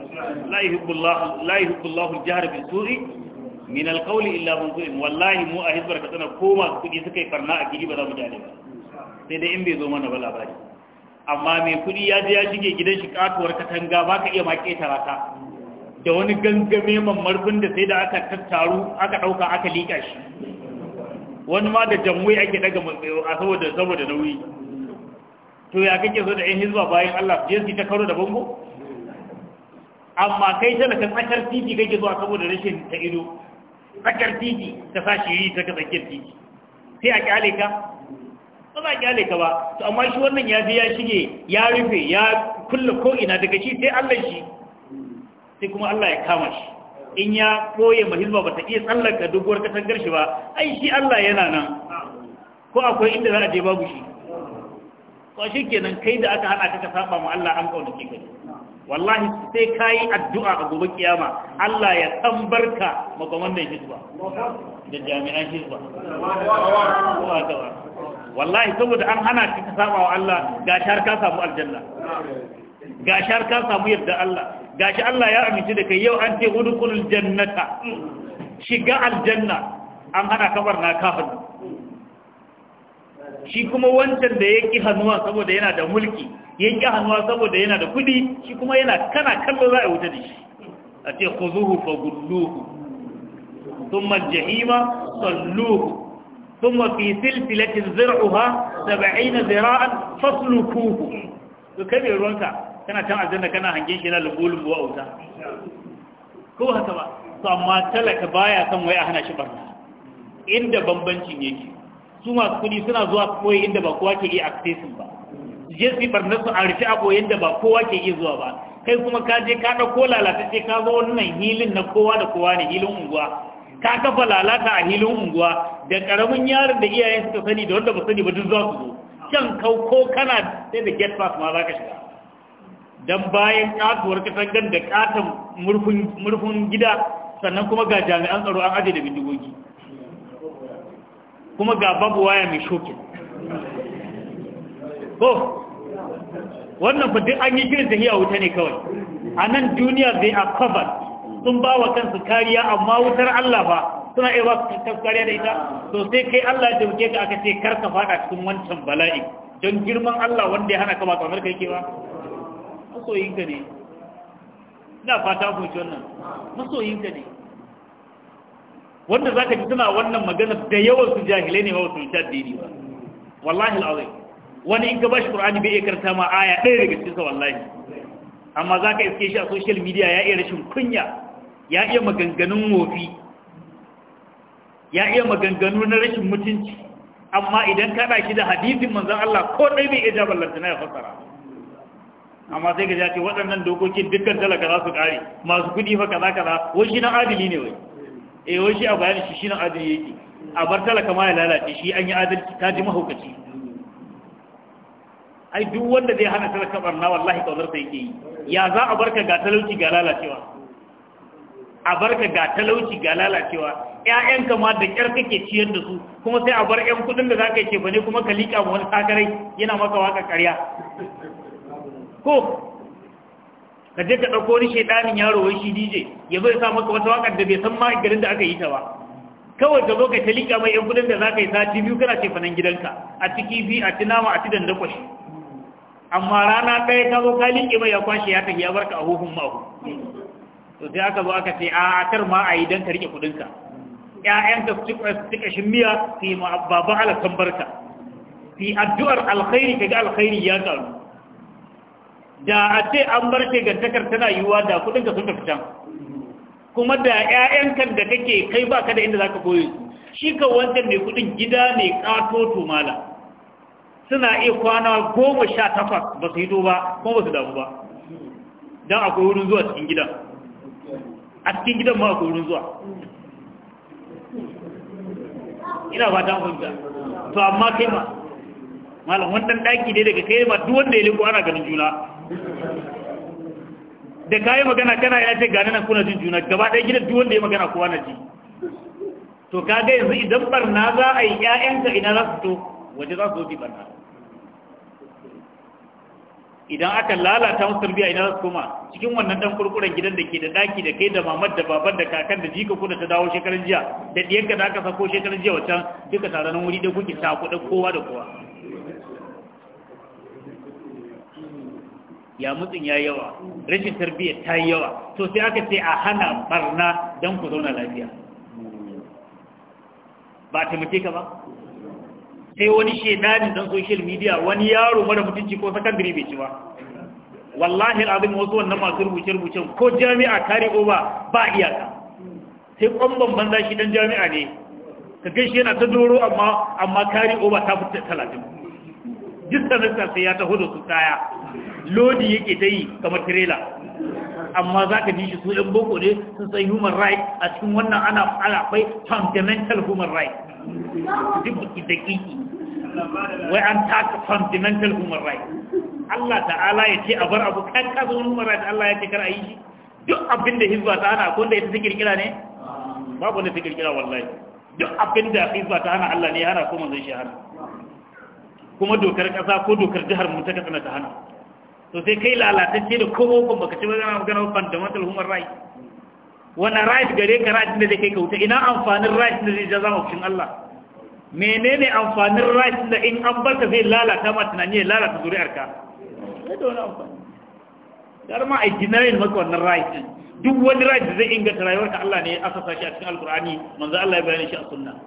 Speaker 2: la yuhibbullahu la yuhibbullahu al-jahra min alqawli illa man zulim wallahi mu a hizbar ka tsana ko masu kuɗi suka yi farna a gidi ba za mu jale ba sai dai in bai zo mana ba labari amma mai kuɗi ya je ya shige gidan shi katuwar katanga ba ka iya ma ƙetara ta da wani gangame marfin da sai da aka tattaru aka ɗauka aka liƙa shi wani ma da jamwai ake daga a saboda saboda nauyi to ya kake so da in hizba bayan Allah je su ta karo da bango amma kai talakan akar titi kake zuwa saboda rashin ta ido tsakar titi ta sa yi ta tsakiyar titi sai a kyale ka ba za a kyale ka ba to amma shi wannan ya je ya shige ya rufe ya kulle ko ina daga shi sai Allah shi sai kuma Allah ya kama shi in ya koye mahizba ba ta iya tsallaka doguwar katangar shi ba ai shi Allah yana nan ko akwai inda za a je babu shi ko shi kenan kai da aka hana ka saba ma Allah an kauna ka ne wallahi sai ka yi addu'a a gobe kiyama Allah ya tambarka makamandan hizba da jami'an hizba wallahi saboda an hana ka saba wa Allah gashar ka samu aljanna gashar ka samu yadda Allah gashi Allah ya amince da kai yau an ce udkhulul jannata shiga aljanna an hana kamar na kafin shi kuma wancan da ya ƙi hannuwa saboda yana da mulki ya ƙi hannuwa saboda yana da kuɗi shi kuma yana kana kallo za a wuta da shi a ce kuzuhu fa gulluhu ثم الجحيم صلوه ثم في سلسلة زرعها سبعين ذراعا فاسلكوه كم يرونك كان كان عزيزنا shi هنجين شنا لبول wuta? ko haka ba su amma talaka baya kan waya hana shi barna inda bambancin yake su masu kudi suna zuwa koyi inda ba kowa ke iya accessin ba je su barnar su a rufe a yadda ba kowa ke iya zuwa ba kai kuma ka je ka ɗauko lalata sai ka zo wannan hilin na kowa da kowa ne hilin unguwa ka kafa lalata a hilin unguwa da ƙaramin yaron da iyayen suka sani da wanda ba sani ba duk za su zo can kau ko kana sai da get pass ma za ka shiga don bayan katuwar katangar da katon murfin gida sannan kuma ga jami'an tsaro an ajiye da bindigogi kuma ga babu waya mai shokin
Speaker 1: ko wannan ba duk an yi kirin tahiya wuta ne kawai
Speaker 2: a nan duniya zai a covered sun ba wa kansu kariya amma wutar Allah ba suna iya ba su kariya da ita to sai kai Allah ya dauke ka aka ce kar ka fada cikin wancan bala'i don girman Allah wanda ya hana ka ba kamar kai ke ba masoyinka ne ina fata ku ji wannan masoyinka ne wanda zaka ji suna wannan magana da yawan su jahilai ne ba su yi dini ba wallahi alazim wani in ka bashi qur'ani bai iya karanta ma aya ɗaya daga cikinsa wallahi amma za ka iske shi a social media ya iya rashin kunya ya iya maganganun wofi ya iya maganganu na rashin mutunci amma idan ka ɗaki da hadisin manzan Allah ko ɗai bai iya jabar lantana ya fasara amma sai ga jace waɗannan dokokin dukkan talaka za su ƙare masu kuɗi fa kaza kaza wai shi na adili ne wai eh wai shi a bayani shi shi na adili yake a bar talaka ma ya lalace shi an yi adalci ta ji mahaukaci ai duk wanda zai hana talaka barna wallahi kaunar sai yake yi ya za a barka ga talauci ga lalacewa a barka ga talauci ga lalacewa ƴaƴan kama da kyar kake ciyar da su kuma sai a bar ƴan kuɗin da zaka yake bane kuma ka liƙa mu wani sakarai yana maka waka ƙarya ko ka je ka ɗauko wani shaidanin yaro wai shi DJ ya zo ya sa maka wata waƙar da bai san ma garin da aka yi ta ba kawai ka zo ka ta mai ƴan kuɗin da zaka yi sati biyu kana ce fanan gidanka a ciki bi a ci nama a ci dandakwashi amma rana ɗaya ta zo ka liƙe mai ya kwashe ya tafi ya barka ahuhun mahu to sai aka zo aka ce a tar ma a yi don ka riƙe kuɗinka ka su ka shin miya su yi baban alasan barka su yi addu'ar alkhairi ga alkhairi ya ƙaru da a ce an bar gantakar tana yiwuwa da kuɗinka sun tafi can kuma da kan da kake kai ba ka da inda za ka koyi shi ka wancan mai kuɗin gida ne ƙato to mala suna iya kwana goma sha takwas ba su hito ba kuma ba su damu ba don akwai wurin zuwa cikin gidan a cikin gidan ma akwai wurin zuwa
Speaker 1: ina ba ta hunta to amma kai ma
Speaker 2: malam wannan daki ne daga kai ma duk wanda ya liko ana ganin juna da kayi magana kana ya ce gane nan kuna jin juna gaba ɗaya gidan duk wanda ya magana kowa na ji to kaga yanzu idan barna za a yi ƴaƴanka ina za su to waje za su zo barna idan aka lalata musu tarbiya idan su koma cikin wannan dan kurkuren gidan da ke da daki da kai da mamad da baban da kakan da jika ku da ta dawo shekaran jiya da diyanka da aka sako shekaran jiya wacan duka tare nan wuri da kuke ta kuɗin kowa da kowa ya mutsin ya yawa rashin tarbiya ta yi yawa to sai aka ce a hana barna don ku zauna lafiya ba taimake ka ba sai wani ne don social media wani yaro mara mutunci ko secondary bai ci ba wallahi alazim wasu wannan masu rubuce rubucen ko jami'a kare over ba iyaka sai kwamban banza shi dan jami'a ne ka gaishe yana ta doro amma amma kare ta fi talatin. duk sanarsa sai ya taho da su kaya lodi yake ta yi kamar trailer amma za ka ji shi su yan boko ne sun san human right a cikin wannan ana akwai fundamental human right duk da kiki wai an taka fundamental human right Allah ta'ala ya ce a bar abu kan ka wani human right Allah ya ce kar a yi shi duk abin da hizba ta hana akwai da ita ta kira ne babu wanda ta kira wallahi duk abin da hizba ta hana Allah ne ya hana ko manzon shi hana kuma dokar kasa ko dokar jihar mu ta kasance ta hana to sai kai lalatacce da kowa kun baka ci magana magana fundamental human right wannan right gare ka right da zai kai kauta ina amfanin right da zai jaza mafishin Allah menene amfanin right da in an barka zai lalata ma tunani ya lalata zuri'ar ka sai da wani amfani dar ma a ginarin maka wannan right duk wani right da zai inganta rayuwarka Allah ne ya asasa shi a cikin alkur'ani manzo Allah ya bayyana shi a sunna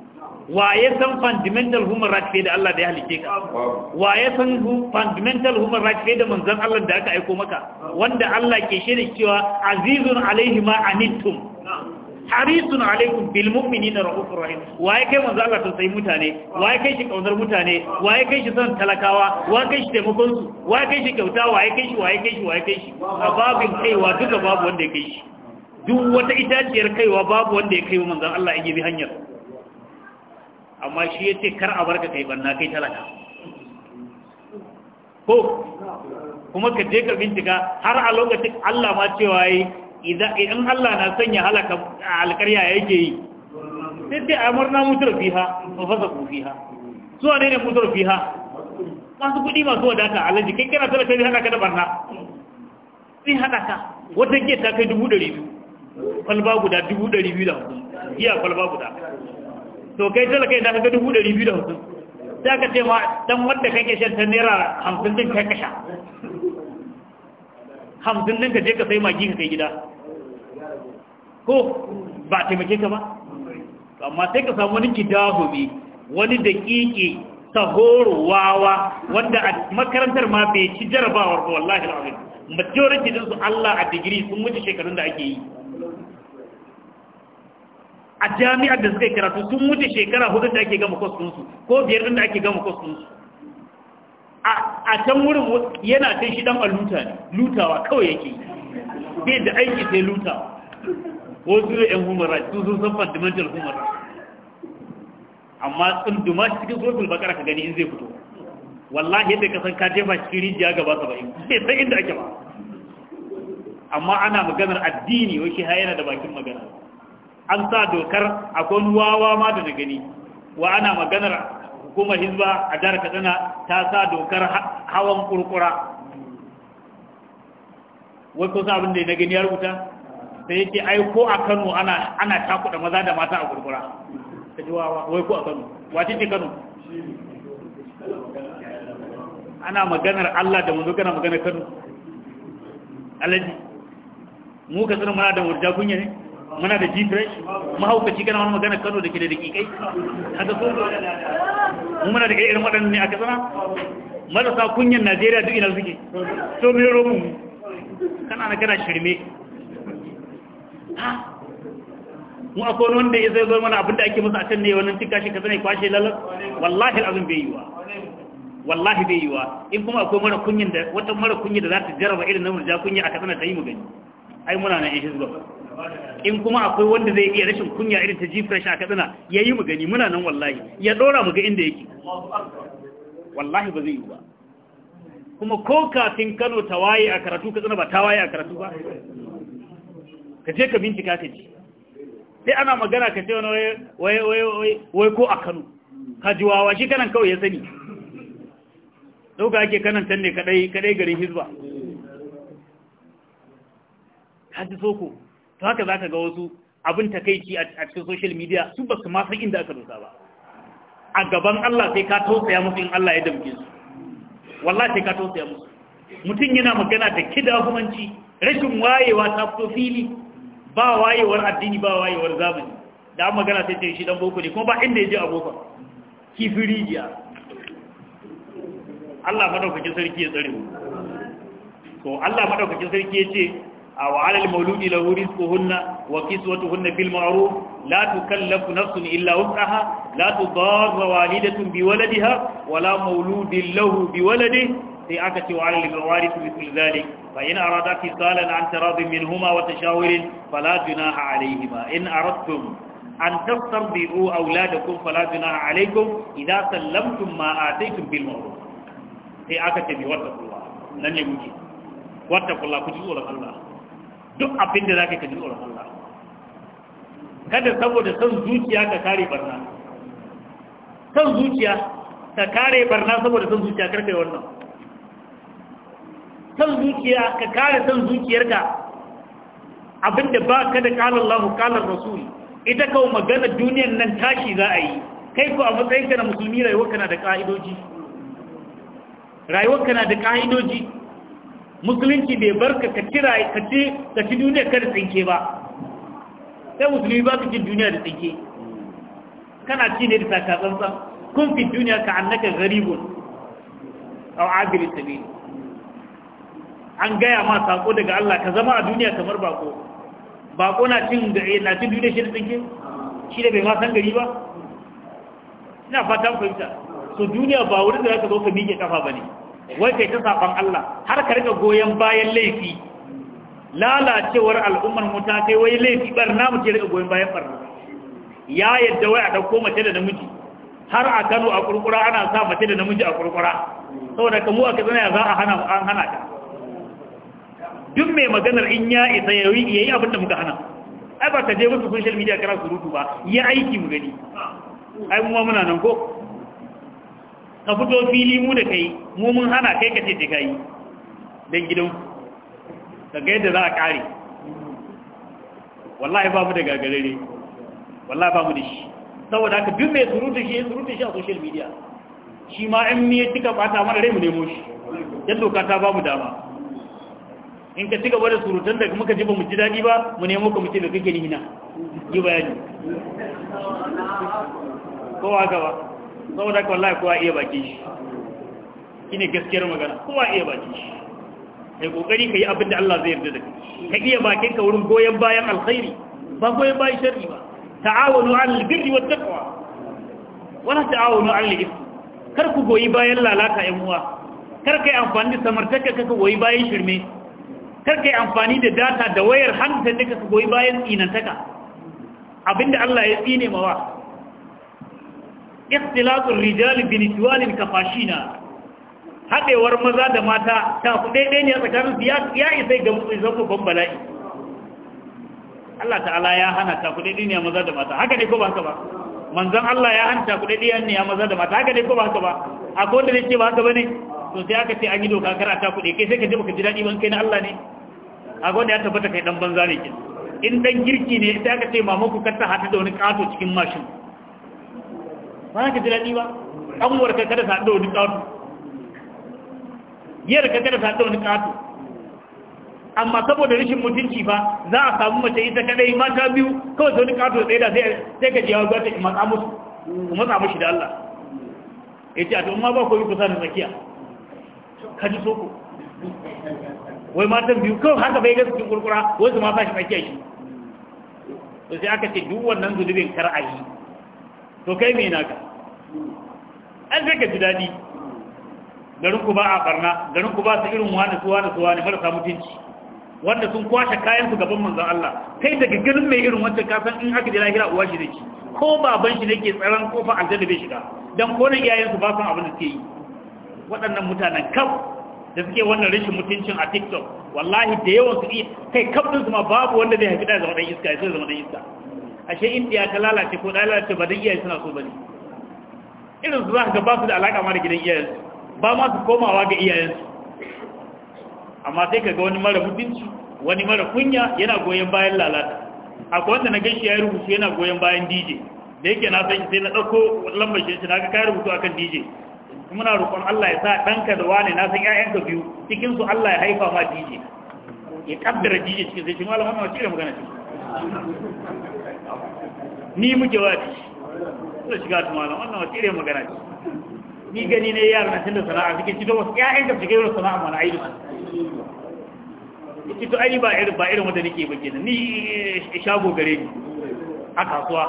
Speaker 2: wa ya san fundamental human rights fiye da Allah da ya halice ka wa ya san fundamental human rights fiye da manzan Allah da aka aiko maka wanda Allah ke shirya cewa azizun alaihi ma anittum harisun alaikum bil mu'minina rahufur rahim waye kai manzo Allah ta sai mutane waye kai shi kaunar mutane waye kai shi son talakawa waye kai shi taimakon su waye kai shi kyauta waye kai shi waye kai shi waye kai shi a babin kaiwa duka babu wanda ya kai shi duk wata itaciyar kaiwa babu wanda ya kai manzo Allah ya bi hanyar amma shi ya ce kar a barka kai banna kai talaka ko kuma ka je ka bincika har a lokacin Allah ma cewa yi in Allah na sanya halaka alƙarya yake yi sai dai a murna mutar fiha ba fasa ku fiha zuwa ne ne mutar fiha masu kuɗi masu wadata alaji kai kana talaka zai haɗa ka da barna zai haɗa ka wata ke ta kai dubu ɗari biyu kwalba guda dubu ɗari biyu da hudu kwalba guda to kai talaka da haka dubu dari biyu da hamsin sai ka ce ma dan wanda kake shan ta naira hamsin din kai kasha hamsin din ka je ka sai magi ka kai gida ko ba taimake ka ba amma sai ka samu wani kidahubi wani daƙiƙi sahoro wawa wanda a makarantar ma bai ci jarabawar ba wallahi alhamdulillah majority din su Allah a digiri sun wuce shekarun da ake yi a jami'ar da suka yi karatu sun wuce shekara hudu da ake gama kwastunsu ko biyar din da ake gama kwastunsu a can wurin yana can shi dan aluta ne lutawa kawai yake
Speaker 1: yi. da aiki sai lutawa
Speaker 2: wasu da yan human rights sun sun san fundamental human rights amma shi cikin sojul bakara ka gani in zai fito wallahi yadda ka san ka jefa cikin rijiya gaba saba'in sai san inda ake ba amma ana maganar addini wai shi yana da bakin magana an sa dokar akwai wawa ma da gani wa ana maganar hukumar hizba a jihar katsina ta sa dokar hawan kurkura wai kusa abin da na gani ya rubuta sai yake ai ko a kano ana ana takuda maza da mata a kurkura ta ji wawa wai ko a kano wace ce kano ana maganar allah da manzo kana maganar kano alaji mu ka tsina mana da murja kunya ne muna da jifresh mahaukaci kana wani magana kano da ke da dakikai haka so mu muna da irin waɗanda ne a kasana marasa kunyan najeriya duk ina suke so mai romu kana na kana shirme mu a kone wanda ya zai zo mana abinda ake masa a can ne wannan cika shi ka zane kwashe lalar wallahi abin bai yiwa wallahi bai yiwa in kuma akwai mara kunyan da wata mara kunyan da za ta jarraba irin na murja kunya a kasana ta yi mu gani ai muna na yan hizba in kuma akwai wanda zai iya rashin kunya irin ta jifar shi a katsina ya yi magani gani muna nan wallahi ya ɗora mu ga inda yake wallahi ba zai yi ba kuma ko kafin kano ta waye a karatu katsina ba ta waye a karatu ba ka je ka bincika ka ji sai ana magana ka ce wani waye ko a kano ka ji wawa shi kanan kawai ya sani ɗauka ake kanan can ne kaɗai garin hizba ka ji soko to haka za ka ga wasu abin takaici a cikin social media su ba su masu inda aka dosa ba a gaban Allah sai ka tausaya musu in Allah ya damke su wallahi sai ka tausaya musu mutum yana magana da kida hukumanci rashin wayewa ta fito fili ba wayewar addini ba wayewar zamani da an magana sai yi shi dan boko ne kuma ba inda ya je a boko kifiri Allah madaukakin sarki ya tsare mu to Allah madaukakin sarki ya ce أو على المولود له رزقهن وكسوتهن بالمعروف لا تكلف نفس إلا وسعها لا تضار والدة بولدها ولا مولود له بولده في أكت وعلى الوارث مثل ذلك فإن أرادا فصالا عن تراض منهما وتشاور فلا جناح عليهما إن أردتم أن تسترضعوا أولادكم فلا جناح عليكم إذا سلمتم ما آتيتم بالمعروف في أكت واتقوا الله لن يمكن واتقوا الله كجزء الله duk abin da zaka ji tsoron Allah kada saboda san zuciya ka kare barna san zuciya ka kare barna saboda san zuciya yi wannan san zuciya ka kare san zuciyarka abinda ba ka da kalar lahu kalar rasul ita ka magana duniyan nan tashi za a yi kai ku a matsayinka na musulmi rayuwarka na da ƙa'idoji rayuwarka na da ƙa'idoji musulunci bai bar ka kira ka ce ka ci duniya ka da tsinke ba sai musulmi ba ka ci duniya da tsinke kana ci ne da takatsantsan kun fi duniya ka annaka garibun au ta sabi an gaya ma sako daga Allah ka zama a duniya kamar bako bako na cin eh, na cin duniya shi da tsinke shi da bai ma san gari ba ina fatan fahimta so duniya ba wurin da zaka zo ka miƙe kafa ba ne. wai kai ta saban Allah har ka rika goyon bayan laifi lalacewar al'ummar mu ta kai wai laifi barna mu rika goyon bayan barna ya yadda wai a dauko mace da namiji har a Kano a kurkura ana sa mace da namiji a kurkura saboda kamu a kazana za a hana an hana ta duk mai maganar in ya isa yayi abin da muka hana ai ba ka je musu social media kana surutu ba ya aiki mu gani ai mu ma muna nan ko ka fito fili mu da kai mu mun hana kai ka ce ce ka yi don gidan daga yadda za a kare wallahi ba mu da gagarare wallahi ba mu da shi saboda ka duk mai surutu shi surutu shi a social media shi ma in miye cika bata mana rai mu nemo shi yan doka ta ba mu dama in ka cika gaba da surutan da muka ji ba mu ji daɗi ba mu nemo ka mu ce da kake ni hina yi bayani kowa gaba saboda da wallahi kowa iya bakin shi ne gaskiyar magana kowa iya bakin shi kai kokari yi abin da Allah zai yarda da kai ka iya bakin ka wurin goyon bayan alkhairi ba goyon bayan shari ba ta'awunu an birri wata taqwa wala ta'awunu an ithmi kar ku goyi bayan lalata yan uwa kar ka yi amfani da samartaka kaka goyi bayan shirme kar ka yi amfani da data da wayar hannun da ka goyi bayan tsinantaka abinda Allah ya tsine mawa ikhtilatun rijali binituwalin kafashina haɗewar maza da mata ta ku daidai ne a tsakanin ya isa ga mutu zan babban bala'i Allah ta'ala ya hana ta ku daidai ne a maza da mata haka ne ko ba haka ba manzon Allah ya hana ta ku daidai ne a maza da mata haka ne ko ba haka ba a ko da ce ba haka bane to sai aka ce an yi doka kar a ta ku kai sai ka ji baka ji daɗi ban kai na Allah ne a ko da ya tabbata kai dan banza ne kin in dan girki ne sai aka ce mamaku kar ta hata da wani kato cikin mashin ba za ka ji daɗi ba ƙanwar ka kada ta wani ƙato yar ka kada ta wani ƙato amma saboda rashin mutunci ba za a samu mace ita kadai mata biyu kawai sau wani ƙato tsaye da sai ka ji yawa gwata in matsa musu ku matsa mushi da Allah ya ce a to ma ba ku yi kusa da tsakiya
Speaker 1: ka ji soko wai matan biyu kawai haka bai gasa cikin kurkura wasu ma fashi tsakiya
Speaker 2: shi to sai aka ce duk wannan zunubin kar a yi to kai mai naka an sai ka ji daɗi garin ku ba a ɓarna, garin ku ba su irin wani suwa da suwa ne marasa mutunci wanda sun kwashe kayan su gaban manzan Allah kai daga ganin mai irin wancan kasan in aka jira hira uwa shi zai ci ko baban shi nake tsaron kofa aljanna bai shiga don ko na iyayen su ba san abin da suke yi waɗannan mutanen kaf da suke wannan rashin mutuncin a TikTok wallahi da yawan su kai kaf ɗinsu ma babu wanda zai haifi da zama ɗan iska sai zama dan iska ashe indiya ta lalace ko lalace ba dan iyayen suna so ba ne irin su za ka ba su da alaka ma da gidan iyayensu ba ma su komawa ga su amma sai ka ga wani mara mutunci wani mara kunya yana goyon bayan lalata akwai wanda na gaishe ya yi rubutu yana goyon bayan dj da yake na san sai na dauko lambar shi na ga kayan rubutu akan dj muna roƙon Allah ya sa danka da wane na san ka biyu cikin su Allah ya haifa ma dj ya kaddara dj cikin sai shi malamin ma ce da magana ce ni muke wadi suna shiga tumana wannan wasu irin magana ce ni gani ne yara na tunda sana'a suke cito wasu ƴaƴan da shiga irin sana'a mana ayi duka cito ai ba irin ba irin wanda nake ba kenan ni eh, shago gare ni a kasuwa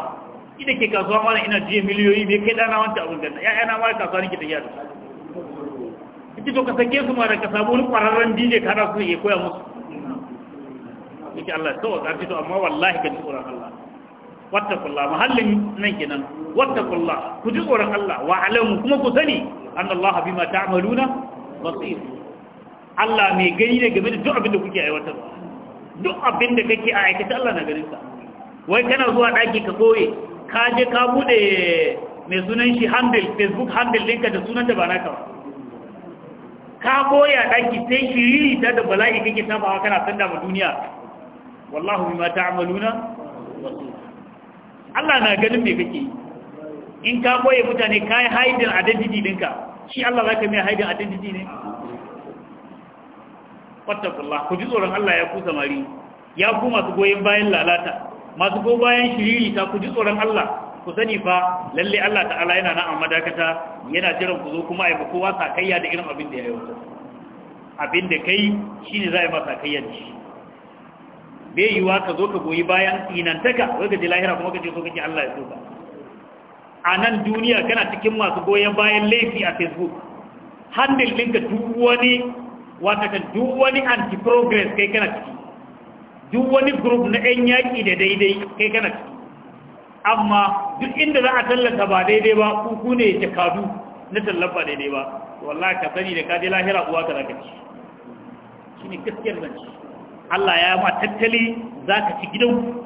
Speaker 2: ita ke kasuwa mana ina jiye miliyoyi bai kai dana wanta abin gana ya ƴaƴana mara kasuwa nake tafiya da su cito ka sake su ma ka samu wani kwararren dj ka da su ya koya musu yake Allah kawai ka fito amma wallahi ka ji tsoron Allah wattaqullah mahallin nan kenan wattaqullah ku ji tsoron Allah wa alamu kuma ku sani annallaha bima ta'maluna basir Allah mai gani ne game da duk abin da kuke aiwatarwa duk abin da kake a aikata Allah na ganin sa wai kana zuwa daki ka koye ka je ka bude mai sunan shi handle facebook handle ɗinka da sunan da ba naka ba ka koya daki sai shiriri ta da bala'i kake tafawa kana sanda ma duniya wallahu bima ta'maluna basir Allah na ganin mai kake in ka koye mutane ka yi haidin identity dinka shi Allah za ka mai haidin identity ne fattakullah ku ji tsoron Allah ya ku samari ya ku masu goyon bayan lalata masu go bayan shiriri ta ku ji tsoron Allah ku sani fa lalle Allah ta'ala yana nan a madakata yana jiran ku zo kuma a yi kowa sakayya da irin abin da ya yi wata abin da kai shine za a yi ma sakayya da shi bai yiwa ka zo ka goyi bayan inantaka wai ka je lahira kuma ka ce so kake Allah ya so ka a nan duniya kana cikin masu goyon bayan laifi a facebook handle ka duk wani ka duk wani anti-progress kai kana ciki duk wani group na 'yan yaƙi da daidai kai kana ciki amma duk inda za a tallata ba daidai ba kuku ne jakadu na tallafa daidai ba wallahi ka sani da kaji lahira uwa ka zaka ci shi ne gaskiyar zance Allah ya ma tattali za ka ci gidan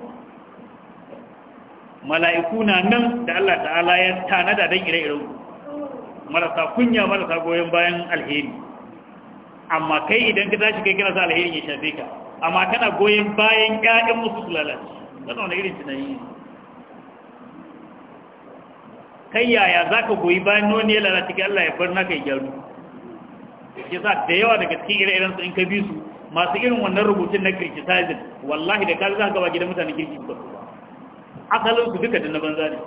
Speaker 2: mala'iku na nan da Allah ta'ala ya tanada don ire-iren marasa kunya marasa goyon bayan alheri amma kai idan ka tashi kai gina sa alheri ya shafe ka amma kana goyon bayan 'ya'yan musu lalace kana wani irin tunani kai yaya za ka goyi bayan noni ya lalata ga Allah ya bar naka ya gyaru ya sa da yawa daga cikin ire-iren su in ka bi su masu irin wannan rubutun na kirkisazin wallahi da kaji za ka ba gidan mutanen kirki ba asalin su duka da na banza ne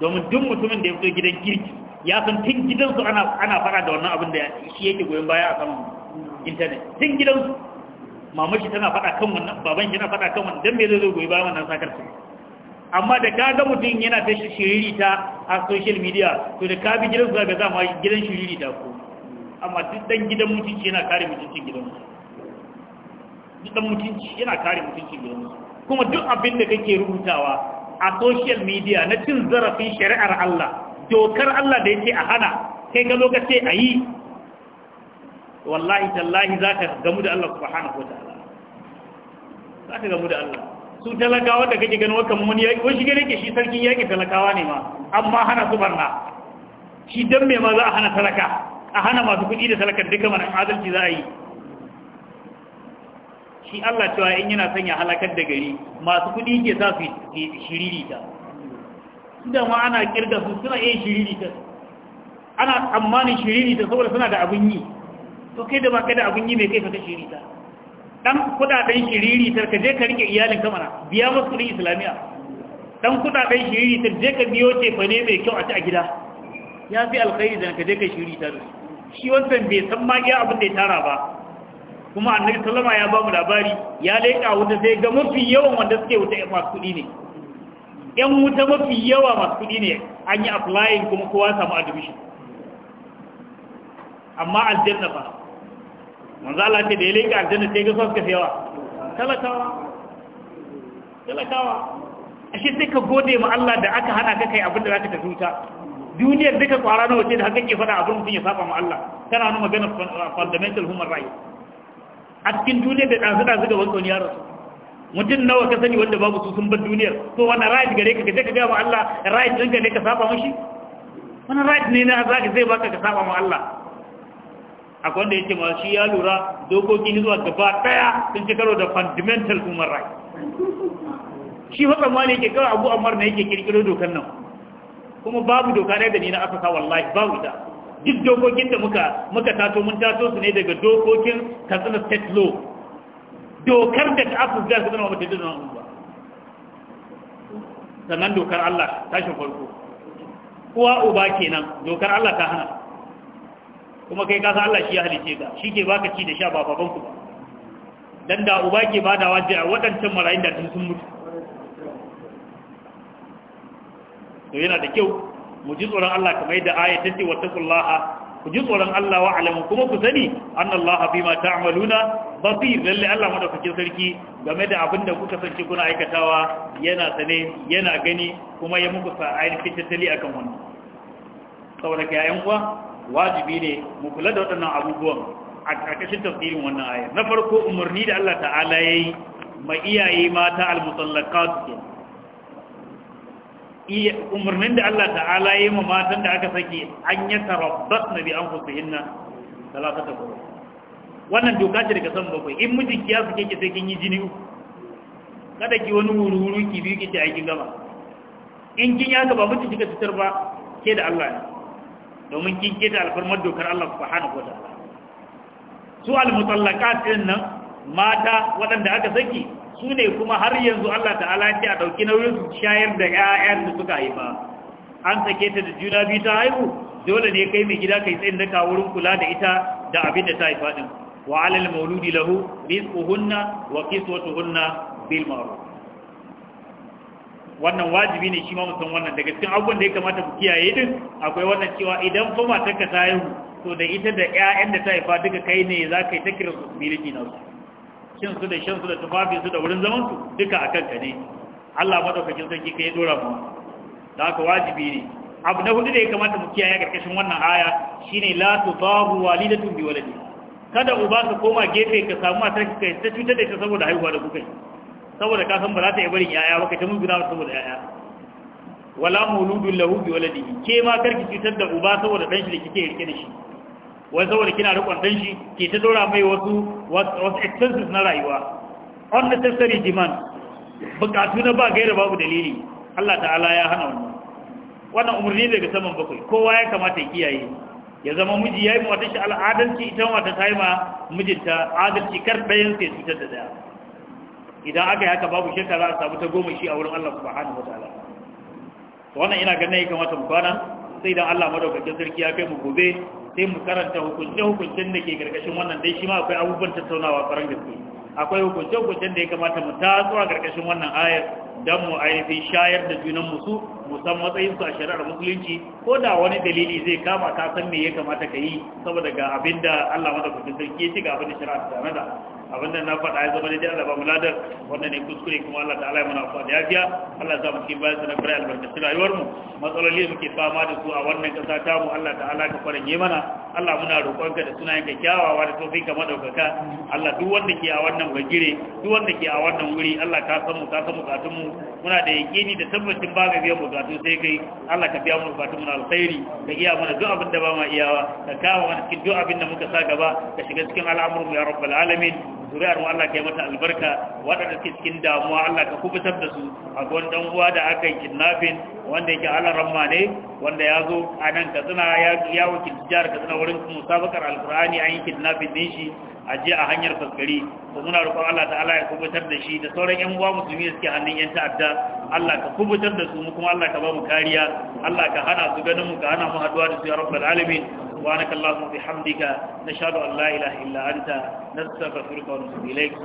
Speaker 2: domin duk mutumin da ya fito gidan kirki ya san tun gidansu ana ana fara da wannan abin da shi yake goyon baya a saman intanet tun gidansu mama shi tana faɗa kan wannan baban shi tana faɗa kan wannan dan me zai zo goyi baya wannan sakar sai amma da ka ga mutum yana ta shiririta a social media to da ka bi gidansu za ka zama gidan shiririta ko amma duk dan gidan mutunci yana kare mutuncin gidan mutunci duk dan mutunci yana kare mutuncin gidan mutunci kuma duk abin da kake rubutawa a social media na cin zarafin shari'ar Allah dokar Allah da yake a hana kai ga lokaci a yi wallahi tallahi za ka gamu da Allah subhanahu wataala ta'ala za ka gamu da Allah su talakawa da kake ganin wakan wani yaƙi wani shige ke shi sarkin yaƙi talakawa ne ma amma hana su barna shi dan me ma za a hana talaka a hana masu kuɗi da talakar duka mana adalci za a yi shi Allah cewa in yana sanya halakar da gari masu kuɗi ke sa su shiriri su da ma ana kirga su suna iya ta ana tsammanin ta saboda suna da abin yi to kai da ba kai da abin yi mai kai shiriri ta dan kudaden ta ka je ka rike iyalin mana biya masu kuɗin islamiya dan kudaden ta je ka biyo ce fane mai kyau a ci a gida ya fi alkhairi da ka je ka shiriritar da su shi wancan bai san ma abin da ya tara ba kuma annabi sallama ya ba mu labari ya leƙa wuta sai ga mafi yawan wanda suke wuta masu kuɗi ne yan wuta mafi yawa masu kuɗi ne an yi applying kuma kowa samu admission amma aljanna ba manzo Allah ce da ya leƙa aljanna sai ga su suka yawa talakawa talakawa ashe sai ka gode ma Allah da aka hana ka kai abin da zaka tafi wuta duniyar duka kwara na wace da haka ke faɗa abin mutum ya saba ma Allah tana nuna maganar uh, fundamental human rights a cikin duniyar da ɗansu ɗansu ga wanka wani yaro mutum nawa ka sani wanda babu su sun bar duniyar to wani right gare ka gaje ka gaya ma Allah right ɗinka ne ka saba mashi wani right ne na za ka zai baka ka saba ma Allah a wanda yake ma shi ya lura dokokin zuwa gaba ɗaya sun ci karo da fundamental human rights shi fa tsammani yake kawai abu amar na yake kirkiro dokan nan kuma babu doka ne da ni na afirka wallahi babu ita duk dokokin da muka muka tato mun tato su ne daga dokokin katsina state law dokar da ta afirka su zama mata dukkan ba sannan dokar Allah tashin farko Kuwa uba kenan dokar Allah ta hana kuma kai kasa Allah shi ya halice ka shi ke baka ci da sha ba babanku ba dan da uba ke badawa da waɗancan marayun da sun mutu to yana da kyau mu ji tsoron Allah kamar yadda aya ta ce wattaqullaha ku ji tsoron Allah wa alamu kuma ku sani annallaha bima ta'maluna basir lalle Allah madaukakin sarki game da abinda kuka sanci kuna aikatawa yana sane yana gani kuma ya muku sa ainihin tattali akan wannan saboda ka yayan wajibi ne mu kula da waɗannan abubuwan a ƙarƙashin tafsirin wannan aya na farko umarni da Allah ta'ala ya yi ma iyaye mata al umarnin da Allah ta'ala ya yi ma matan da aka saki an yi tarabbas na biyan kusa fusu hinna talata ta kuma wannan doka ce daga san bakwai in mijin ya suke ki sai kin yi jini uku kada ki wani wuri-wuri ki biyu ki ce aikin gama in kin ya ba mutu kika fitar ba ke da Allah ne domin kin ke da alfarmar dokar Allah subhanahu wataala su al-mutallaqat din nan mata waɗanda aka saki su ne kuma har yanzu Allah ta'ala ce a ɗauki nauyin shayar da ƴaƴan da suka haifa an sake ta da juna biyu ta haihu dole ne kai mai gida kai tsayin daga wurin kula da ita da abin da ta haifa din wa alal mauludi lahu rizquhunna wa hunna bil ma'ruf wannan wajibi ne shi ma mutum wannan daga cikin abubuwan da ya kamata ku kiyaye din akwai wannan cewa idan fa matarka ta haihu to da ita da ƴaƴan da ta haifa duka kai ne za ka yi ta kira su biliki na su cin su da shan su da tufafi su da wurin zaman su duka akan ka ne Allah madaukakin sarki kai dora mu da haka wajibi ne abu na hudu da ya kamata mu kiyaye karkashin wannan aya shine la tudahu walidatu bi waladi kada uba ka koma gefe ka samu mata ka ta cutar da ita saboda haihuwa da kuka yi saboda ka san ba za ta yi barin yaya ba ka ta muguna saboda yaya wala mauludun lahu bi waladi ke ma karki cutar da uba saboda dan shi da kike rike da shi wai saboda kina rikon dan shi ke ta dora mai wasu wasu expenses na rayuwa On necessary demand bukatu na ba gaira babu dalili Allah ta'ala ya hana wannan wannan umarni daga saman bakwai kowa ya kamata ya kiyaye ya zama miji ya yi wata shi al'adanci ita wata ta yi ma mijinta adalci kar ɗayan sai cutar da daya idan aka yi haka babu shirka za a samu ta goma shi a wurin Allah subhanahu wataala wannan ina ganin ya kamata mu kwana sai idan Allah madaukakin sarki ya kai mu gobe sai mu karanta hukunce-hukuncen da ke gargashin wannan dai shi ma akwai abubuwan tattaunawa faran gaske akwai hukunce-hukuncen da ya kamata mu ta tatsuwa gargashin wannan ayar don mu ainihin shayar da junan musu musan matsayinsu a shari'ar musulunci ko da wani dalili zai kama ka san me ya kamata ka yi saboda ga abin da Allah madaukakin sarki ya ci ga abin da shari'ar ta abin da na faɗa ya zama daidai Allah ba mu ladar wannan ne kuskure kuma Allah ta'ala ya mana afuwa da yafiya Allah za mu ci bayan sa na fara albarkacin rayuwar mu matsaloli da muke fama da su a wannan ƙasa ta mu Allah ta'ala ka faranye mana Allah muna roƙonka da sunayen ka kyawawa da tofi ka madaukaka Allah duk wanda ke a wannan bagire duk wanda ke a wannan wuri Allah ka san mu ka san bukatun mu muna da yakini da tabbacin ba ga biyan bukatun sai kai Allah ka biya mu bukatun mu na alkhairi ka iya mana duk abin da ba ma iyawa ka kawo mana cikin duk abin da muka sa gaba ka shiga cikin al'amuran ya rabbal alamin zuri'ar mu Allah ka yi mata albarka waɗanda suke cikin damuwa Allah ka kubutar da su a gwan dan uwa da aka yi kidnapping wanda yake alaran ma ne wanda ya zo a nan katsina ya wakilci jihar katsina wurin musabakar alkur'ani an yi kidnapping din shi a jiya a hanyar faskari ko muna roƙon Allah ta'ala ya kubutar da shi da sauran yan uwa musulmi da suke hannun yan ta'adda Allah ka kubutar da su kuma Allah ka ba mu kariya Allah ka hana su ganin mu ka hana mu haduwa da su ya rabbal alamin subhanak allahumma bihamdika nashhadu an la ilaha illa anta nastaghfiruka wa natubu ilayk